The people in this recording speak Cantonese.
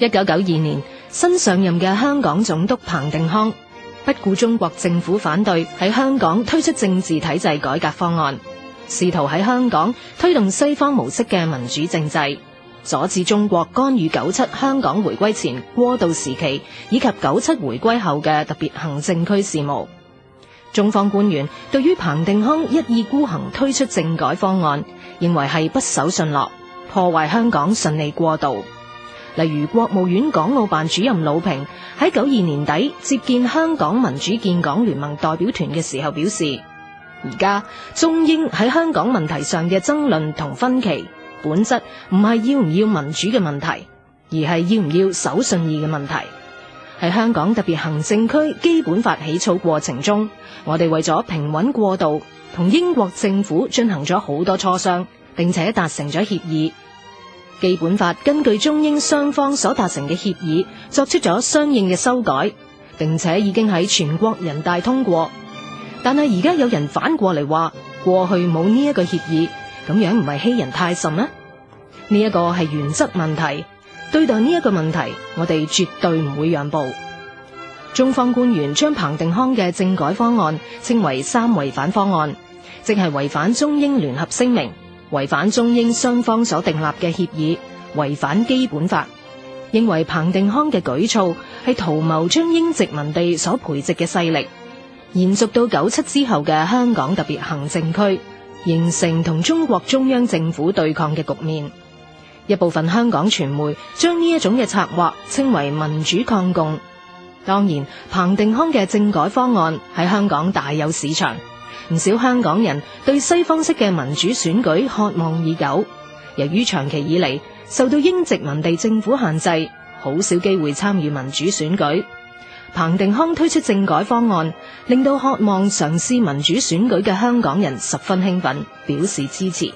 一九九二年，新上任嘅香港總督彭定康不顧中國政府反對，喺香港推出政治體制改革方案，試圖喺香港推動西方模式嘅民主政制，阻止中國干預九七香港回歸前過渡時期以及九七回歸後嘅特別行政區事務。中方官員對於彭定康一意孤行推出政改方案，認為係不守信諾，破壞香港順利過渡。例如，國務院港澳辦主任魯平喺九二年底接見香港民主建港聯盟代表團嘅時候表示，而家中英喺香港問題上嘅爭論同分歧，本質唔係要唔要民主嘅問題，而係要唔要守信義嘅問題。喺香港特別行政區基本法起草過程中，我哋為咗平穩過渡，同英國政府進行咗好多磋商，並且達成咗協議。基本法根據中英雙方所達成嘅協議作出咗相應嘅修改，並且已經喺全國人大通過。但係而家有人反過嚟話，過去冇呢一個協議，咁樣唔係欺人太甚咩？呢一個係原則問題，對待呢一個問題，我哋絕對唔會讓步。中方官員將彭定康嘅政改方案稱為三違反方案，即係違反中英聯合聲明。違反中英雙方所訂立嘅協議，違反基本法，認為彭定康嘅舉措係圖謀將英殖民地所培植嘅勢力延續到九七之後嘅香港特別行政區，形成同中國中央政府對抗嘅局面。一部分香港傳媒將呢一種嘅策劃稱為民主抗共。當然，彭定康嘅政改方案喺香港大有市場。唔少香港人對西方式嘅民主選舉渴望已久，由於長期以嚟受到英殖民地政府限制，好少機會參與民主選舉。彭定康推出政改方案，令到渴望嘗試民主選舉嘅香港人十分興奮，表示支持。